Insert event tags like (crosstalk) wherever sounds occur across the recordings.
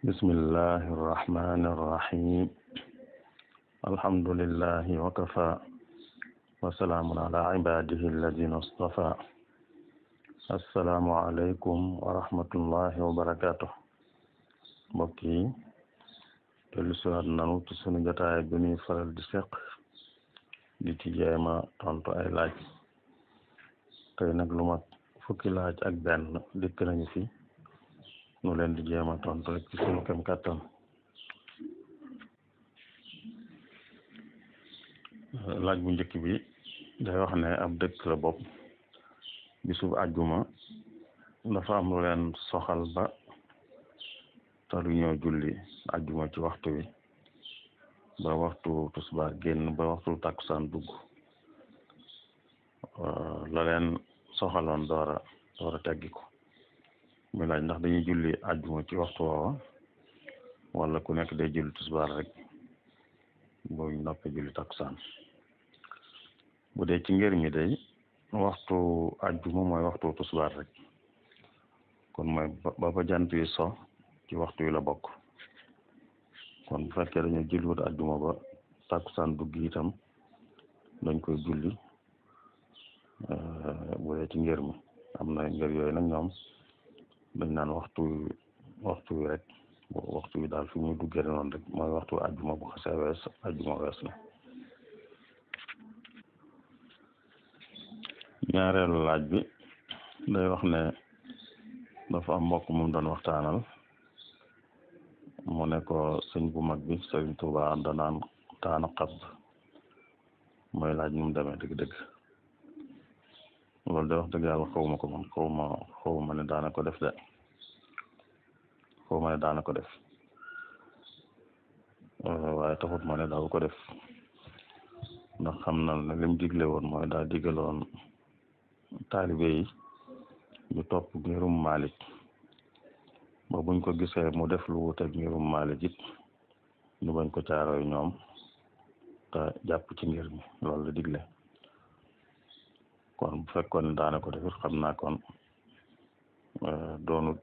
بسم الله الرحمن الرحيم الحمد لله وكفى وسلام على عباده الذين اصطفى السلام عليكم ورحمة الله وبركاته بكي تلسوات نانوت سنجتا بني فرل دسق دي تجاي ما تانتو اي لاج تاي نقلومات فكي لاج اكبان دي في mu di jéem a tontu rek ci sunu kem kàttan eh, laaj bu njëkk bi day wax ne ab dëkk la bopp bisub àjjuma dafa am lu leen soxal ba talu ñoo julli àjjuma ci waxtu wi ba waxtu tusbaar génn ba waxtu takkusaan dugg eh, la leen soxaloon doora doora teggi ko muy laaj ndax dañuy julli àjjuma ci waxtu woowa wala ku nekk day julli tisbaar rek boobu ñu noppee julli bu dee ci ngër mi day waxtu àjjuma mooy waxtu tisbaar rek kon mooy ba ba jant yi so ci waxtu wi la bokk kon bu fekkee dañoo julliwut àjjuma ba takkusaan dugg itam dañ koy julli eh, bu dee ci ngër mi am na ngër yooyu nag ñoom dañ naan waxtu waxtu wi rek waxtu wi daal muy duggee noonu mooy waxtu ajjuma bu xasee wees ajjuma wees na laaj bi day wax ne dafa am mbokk moom doon waxtaanal moo ne ko bu mag bi sëriñ Tuubaa danaan taana xab mooy laaj nu mu demee dëgg-dëgg loolu de wax dëgg yàlla xaw ma ko man xaw ma ma ne daana ko def de xaw ma ne ko def euh, waaye taxut ma ne daaw ko def ndax xam na ne lim digle woon mooy daal digaloon taalibe yi ñu top ngirum Malik ba buñ ko gisee mu def lu wuteeg ngirum Malik it bañ ko caarooy ñoom te jàpp ci ngir mi la digle kon bu fekkoon ne daana ko defit xam naa kon euh, doonut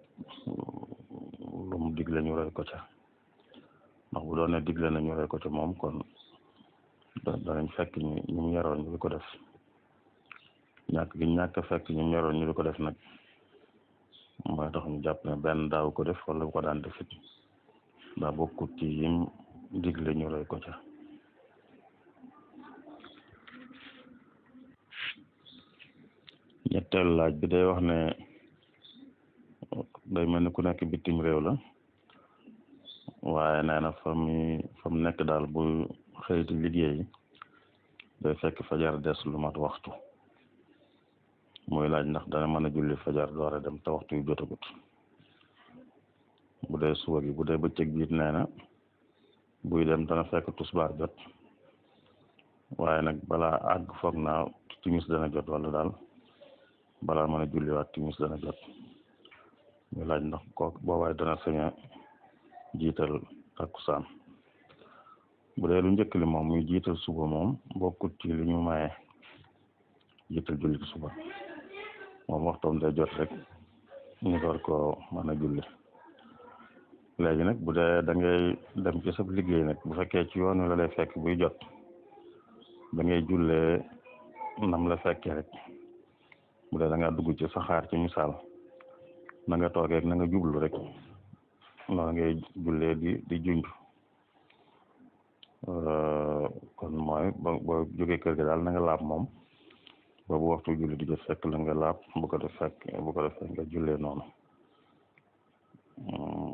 lu mu digle ñu roy ko ca ndax bu doone digle na ñu roy ko moom kon danañ fekk ñu ñu mu yaroon ñu di ko def ñàkk gi ñàkk fekk ñu mu ñu di ko def nag mooy tax ñu jàpp ne benn daaw ko def wala bu ko daan defit daa bokkut ci yim digle ñu roy ko ñetteelu laaj bi day wax ne day mel ni ku nekk bitim réew la waaye nee na fa mu fa nekk daal bu xëy di liggéey day fekk fajar des lu mat waxtu muy laaj ndax dana mën a julli fajar door a dem te waxtu yu jotagut bu dee suba gi bu dee bëccëg biit nee na buy dem dana fekk tusbaar jot waaye nag balaa àgg foog naa timis dana jot wala daal balaa mën julli wat timis dana jot ñu laaj ko bo way dana sañ jital ak kusan bu dee lu njëkk li muy jital suba mom bokku ci li ñu maye jital julli suba mom waxtoom day jot rek ñu door ko mën julli léegi nak bu dee da ngay dem ci sab liggéey nak bu fekkee ci yoonu la lay fekk buy jot da ngay julle nam la fekke rek bu dee da dugg ci saxaar ci misaal nanga nga toogee na nga jublu rek loolu ngay jullee di di junj euh, kon mooy ba ba jógee kër gi daal na nga laab moom boobu waxtu julli di jot fekk la nga laab bu ko def fekk bu ko defee nga jullee noonu hmm,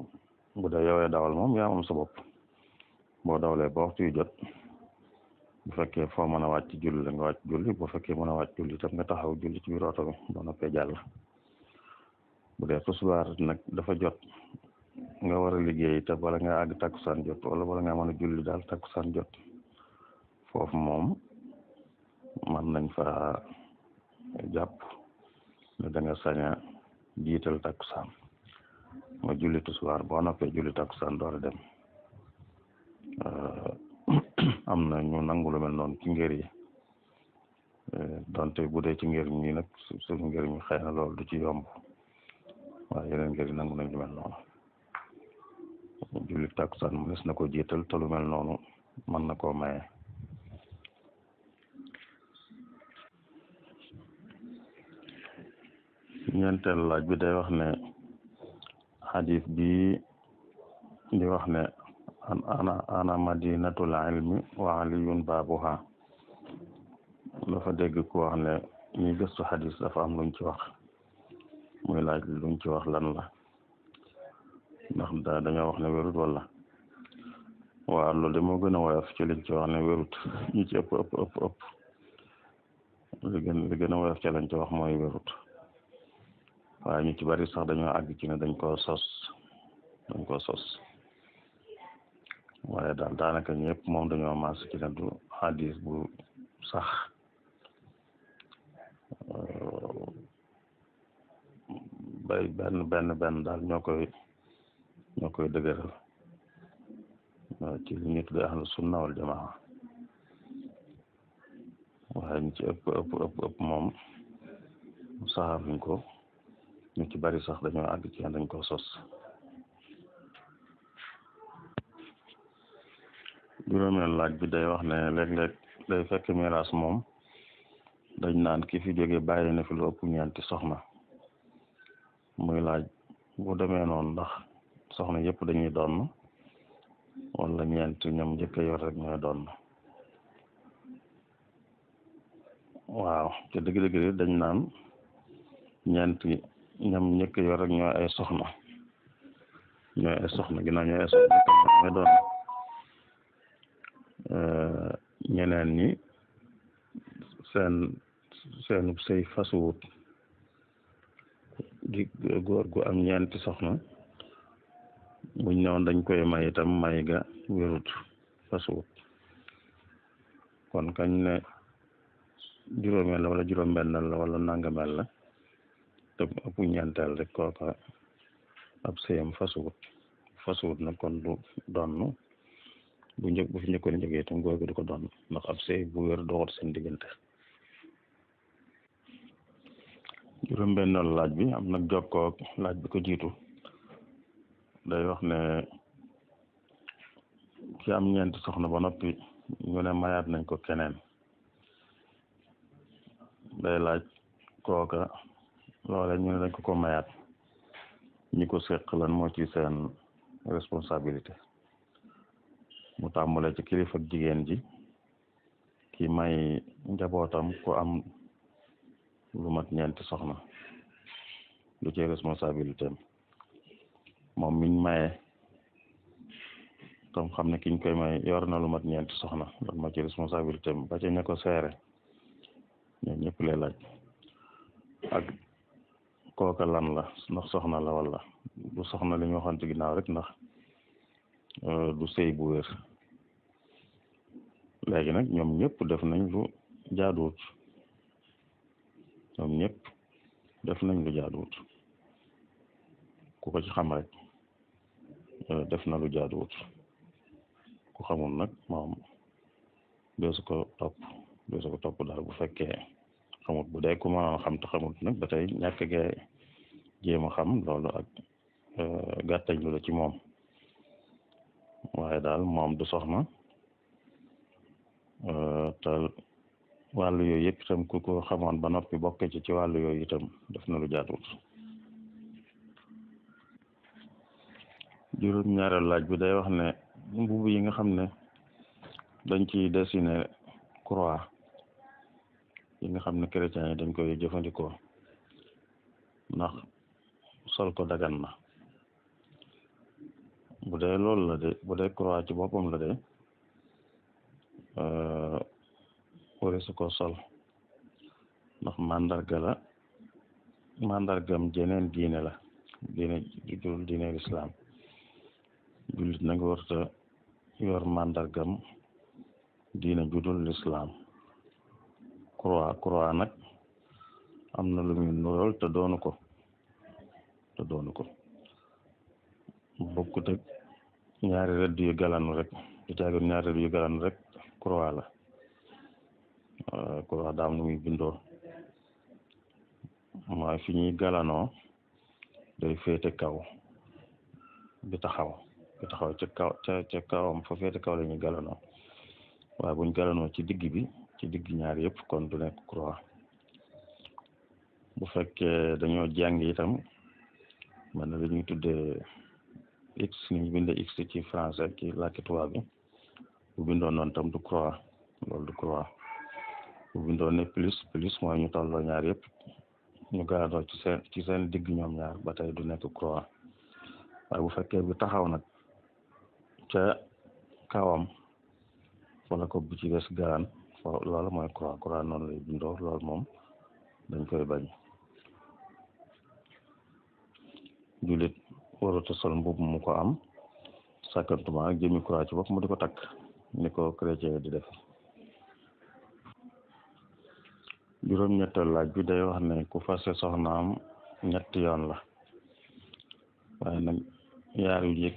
bu dee yowee dawal moom yaa moom sa boo dawalee ba waxtu jot bu fekkee foo mën a wàcc julli la nga wàcc julli bu fekkee mën a wàcc julli tam nga taxaw julli ci biir oto bi ba noppee jàll bu dee tusbaar nag dafa jot nga war a liggéey te bala nga àgg takkusaan jot wala bala nga mën a julli daal takkusaan jot foofu moom mën nañ fa jàpp ne da nga sañ jiital takkusaan nga julli tusbaar boo noppee julli takkusaan dem am na ñu nangu lu mel noonu ci ngër yi eh, donte bu dee ci ngër ñi nag suñu ngër ñi xëy na lool du ci yomb waaye yeneen ngër yi nangu nañ lu noonu julli takkusaan mënees na ko jiital te lu noonu mën na koo maye ñeenteel laaj bi day wax ne xadis bi di wax ne ana ana madinatul ilmi wa aliyun baabuha dafa dégg ku wax ne ñi gëstu xadis dafa am luñ ci wax muy laaj luñ ci wax lan la ndax da dañoo wax ne wérut wala waaw loolu de moo gën a woyof ci liñ ci wax ne wérut ñi ci ëpp gën li gën a woyof ci lañ ci wax mooy wérut waaye ñu ci bari sax dañoo àgg ci ne dañ koo sos dañ koo sos waaye daal daanaka ñëpp moom dañoo mas ci ne du xadis bu sax euh, bay benn benn daal ñoo koy ñoo koy dëgëral euh, ci li ñu tuddee ahlu sunna wal jamaa waaye ñu ci ëpp ëpp ëpp ëpp moom saxaaruñ ko ñu ci bari sax dañoo àgg ci dañ ko sos juróomeel laaj bi day wax ne léeg-léeg day fekk miraas moom dañ naan ki fi jóge bàyyi na fi lu ëpp ñeenti soxna muy laaj bu demee noonu ndax soxna yëpp dañuy doon wala ñeent ñoom njëkk yor rek ñooy doon waaw te dañ naan ñeent njëkk yor rek ñooy ay soxna ñooy ay soxna ginnaaw ñooy ay soxna ñooy doon. Euh, ñeneen ñi seen seenub sëy fasuwut di góor gu am ñeenti soxna buñ newoon dañ koy may itam may ga wérut fasuwut kon kañ ne la wala juróom-benneel la wala nangameel la te ëpp ñeenteel rek kooka ab sëyam fasuwut fasuwut kon du bu njëkk bu fi njëkkoon njëkkee itam góor gi du ko doon ndax ab sëy bu wér doxut seen diggante juróom-benneelu laaj bi am nag jokkoo laaj bi ko jiitu day wax ne ci am ñeenti soxna ba noppi ñu ne nañ ko keneen day laaj kooka loolee ñu ne dañ ko ko mayaat ko seq lan moo ci seen responsabilité mu tàmbale ci kilifa jigéen ji ki may njabootam ku am lu mat ñeenti soxna lu ci responsabilité am moom miñ maye tam xam ne kiñ koy may yor na lu mat ñeenti soxna loolu moo ci responsabilité am ba ca ña seere ñoo ñëpp lay laaj ak kooka lan la ndax soxna la wala du soxna li ñu waxoon ci ginnaaw rek ndax euh, du sëy bu wér léegi nag ñoom ñëpp def nañ lu jaaduwut ñoom ñépp def nañ lu jaaduwut ko ci xam rek eh, def na lu jaaduwut ku xamul nag moom deesu ko topp deesu ko topp daal bu fekkee xamut bu dee ku xam te xamut nag ba tey ñàkk gee jéem a xam loolu ak eh, gàttañ lu la ci moom waaye daal moom du soxna Euh, te wàll yooyu yëpp ku ko xamoon ba noppi bokk ci ci wàll yooyu itam def na lu jaaduwut juróom ñaareel laaj bi day wax ne mbubb yi nga xam ne dañ ciy desine croix yi nga xam ne chrétiens yi dañ koy jëfandikoo ndax sol ko dagan na bu dee loolu la de bu dee croix ci boppam la de Euh, warisu ko sol ndax mandarga la mandargam jeneen diine la diine judul diine lislaam jullit nag warta yor mandargam diine judul lislaam croix croix nag am na lu muy nurool te doonu ko te doonu ko bokkut ak ñaari rëdd yu galanu rek du caagin ñaari rëdd yu galanu rek croala croa daamnu mi bindoo maa fi ñuy galanoo day féete kaw bi taxaw bi taxaw ca kaw ca ca kawam fa féete kaw la ñuy galanoo waaye buñ galanoo ci digg bi ci digg ñaar yépp kon du nekk croix bu fekkee dañoo jàng itam mën na dañuy tuddee x ñu bindee x ci français ki làkki tuwaa bi bu bindoon tam du croix loolu du croix bu bindoon ne plus plus mooy ñu tolloo ñaar yëpp ñu gaadoo ci seen ci digg ñoom ñaar ba tey du nekk croix waaye bu fekkee bi taxaw nag ca kawam wala ko bu ci des gaan loolu mooy croix croix noonu lay bindoo loolu moom dañ koy bañ julit warut sol mbubb mu ko am sàkkantuma ak jëmi croix ci bopp mu di ko takk ni ko chrétien di def juróom-ñettal laaj bi day wax ne ku fase soxnaam ñetti yoon la waaye nag yaar yu yi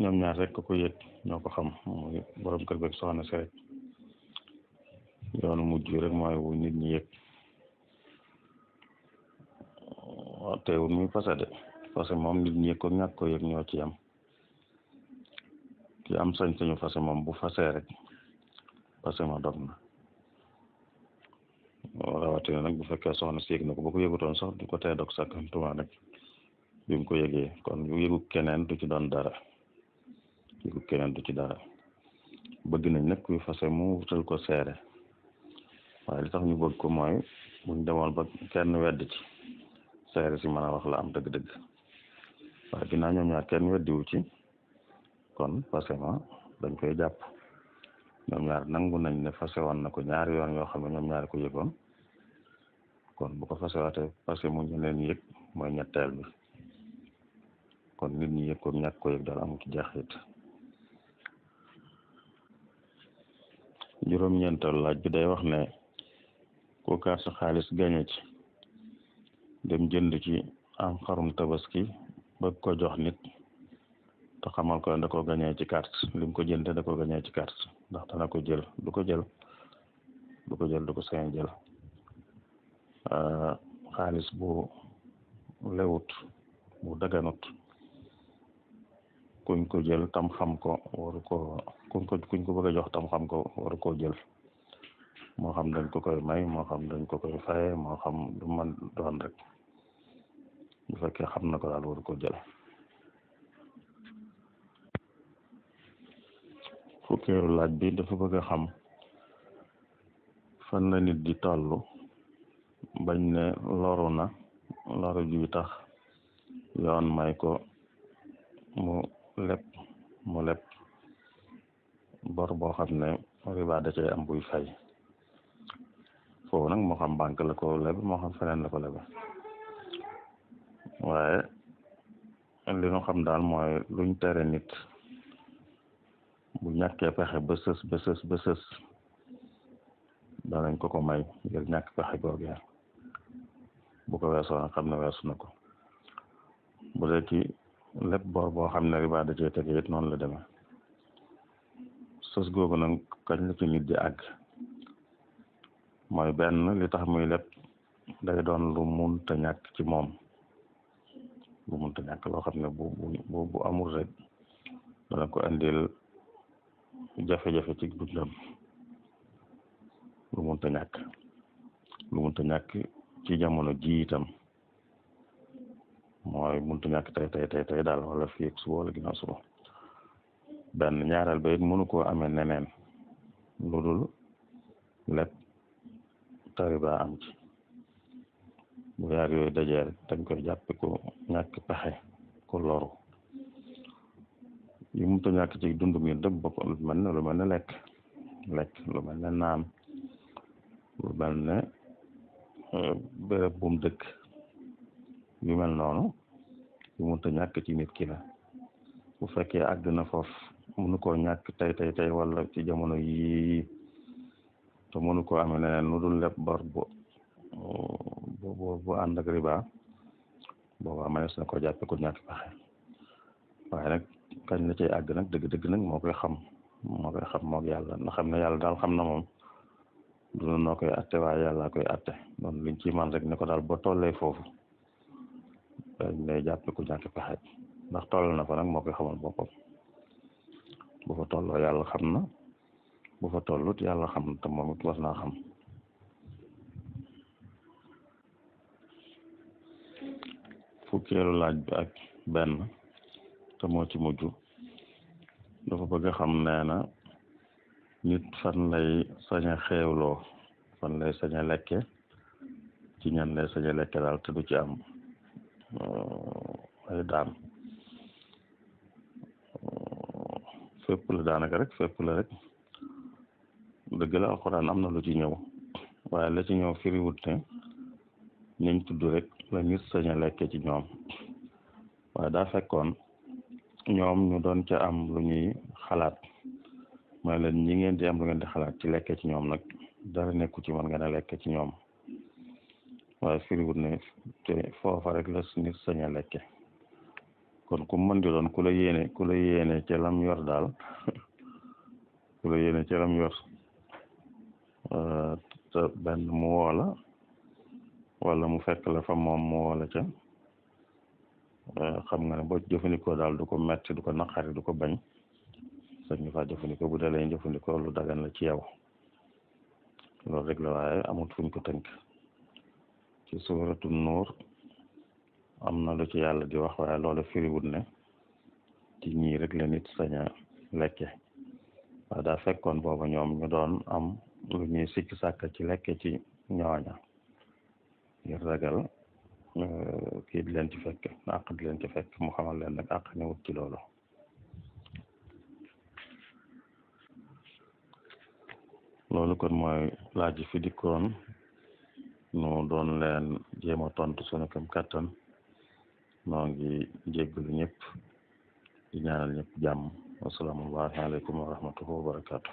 ñoom ñaar rek ko yëg ñoo ko xam mooy borom kër beeg soxna si yoonu mujj rek mooy wu nit ñi yëg teewul muy fase de fase moom nit ñi yëg ko ñàkk ko yëg ñoo ci am ki am sañ-sañu fase moom bu fasee rek fase ma dog na rawatina nag bu fekkee soxna si yëg na ko bu ko yëgutoon sax du ko tee dog sax tuuma rek bi ko yëgee kon bu yëgu keneen du ci doon dara yëgu keneen du ci dara bëgg nañ nag kuy fase mu wutal ko seere waaye li tax ñu bëgg ko mooy buñ demoon ba kenn wedd ci seere si mën a wax la am dëgg-dëgg waaye ginnaaw ñoom ñaar kenn weddiwu ci kon fase ma dañ koy japp ñoom ñaar nangu nañ ne fasé won nako ñaar yoon yo xam ne ñoom ñaar ko yëgoon kon bu ko fase waatee fase mu ñu leen yëg mooy ñettal bi kon nit ñi yëg ko ñak ko yëg dara am ci jaxit juroom ñentol laaj bi day wax ne ku kaas xaaliss gañu ci dem jënd ci am xarum tabaski ba ko jox nit te xamal ko da ko gañee ci carte lim ko jënte da ko gañee ci carte ndax dana ko jël du ko jël du ko jël du ko sañ jël euh, xaalis bu lewut bu daganut kuñ ko jël tam xam ko waru ko kuñ ko bëgg a jox tam ko waru koo jël moo xam dañ ko koy may moo xam dañ ko koy faye moo xam du rek bu fekkee xam na ko daal waru ko jël fukkeeru laaj bi dafa bëgg a xam fan la nit di toll bañ ne loru na loru ju tax yoon may ko mu leb mu leb bor boo xam ne riba da cay am buy fay foofu nag mo xam banque la ko leb moo xam feneen la ko leb waaye li ñu xam daal mooy luñ tere bu ñàkkee pexe ba sës ba sës ba sës danañ ko ko may ngir ñàkk pexe googee bu ko weesoo xam ne weesu na ko bu dee ci lépp bor boo xam ne riba da cee tege noonu la demee sës googu nag kañ la ci nit di àgg mooy benn li tax muy lépp day doon lu munta ñàkk ci moom lu munta ñàkk loo xam ne bu bu amul rek dana ko indil jafe-jafe ci dundam lu mënta ñàkk lu mënta ñàkk ci jamono ji itam mooy mënta ñàkk tey tey tey tey daal wala fii ak suba wala ginnaaw suba benn ñaareel ba it mënu koo amee neneen lu dul lépp tariba am ci bu yaar yooyu dajee rek dañ koy jàppe ku ñàkk pexe ku loru yu mu ta ñàkk ci dund ngir dëpp bopp lu mel ne lu mel ne lekk lekk lu mel ne naan lu mel ne euh, béréb bu mu dëkk yu mel noonu yu mu ta ñàkk ci nit ki la bu fekkee àgg na foofu mënu koo ñàkk tey tey tey wala ci jamono yii te mënu koo amee leneen lu dul lépp bor bu bu bu ànd ak riba boobaa manees na ko jàppe ku ñàkk pexe kañ la cay àgg nag dëgg-dëgg nag moo koy xam moo koy xam moog yàlla na xam ne yàlla daal xam na moom du noo koy atte waaye yàlla koy atte noonu liñ ci man rek ne ko daal boo tolle foofu dañ lay jàpp ndax toll na fa nag moo koy xamal boppam bu xam na bu fa tollut yàlla xam na te moom it war naa xam laaj bi ak benn te moo ci dafa bëgg xam nee na nit fan lay sañ a fan lay sañ lekke ci ñan lay sañ lekke daal te du ci am euh, ay euh, la daanaka rek fépp la rek dëgg la alxuraan am na lu ci ñëw waaye la ci ñëw firiwut ne niñ tudd rek la nit sañ lekke ci ñoom waaye daa fekkoon ñoom ñu doon ca am lu ñuy xalaat mooy leen ñi ngeen di am lu ngeen di xalaat ci lekk ci ñoom nag dara nekku ci mën ngeen a lekk ci ñoom waaye firiwut ne te foofa rek la nit lekke kon ku mën di doon ku la yéene ku la yéene ca lam yor daal (laughs) ku la yéene ca lam yor euh, te benn mu woola wala mu fekk la fa moom mu woola ca Euh, xam nga ne boo jëfandikoo daal du ko metti du ko naqari du ko bañ sañ nga faa jëfandikoo bu dee lañ jëfandikoo lu daga la ci yow loolu rek la amut fuñ ko tënk ci suuratu nuur am na lu ci yàlla di wax waaye loolu firiwut ne ci ñii rek la nit sañ a lekke waaye daa fekkoon booba ñoom ñu doon am lu ñuy sikki sàkk ci lekke ci ñooña ngir ragal kii di leen ci fekk àq di leen ci fekk mu xamal leen nag àq ni wut ci loolu loolu kon mooy laaj fi dikkoon nu doon leen jéem a tontu suñu këm kàttan noo ngi jéggalu ñëpp di ñaanal ñëpp jàmm wasalaamu alaykum wa rahmatulah wa barakaatu